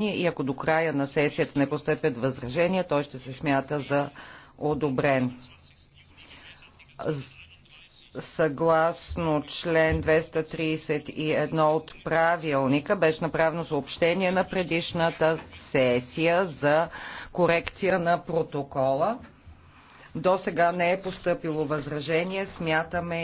и ако до края на сесията не постъпят възражения, той ще се смята за одобрен. Съгласно член 231 от правилника беше направено съобщение на предишната сесия за корекция на протокола. До сега не е поступило възражение, смятаме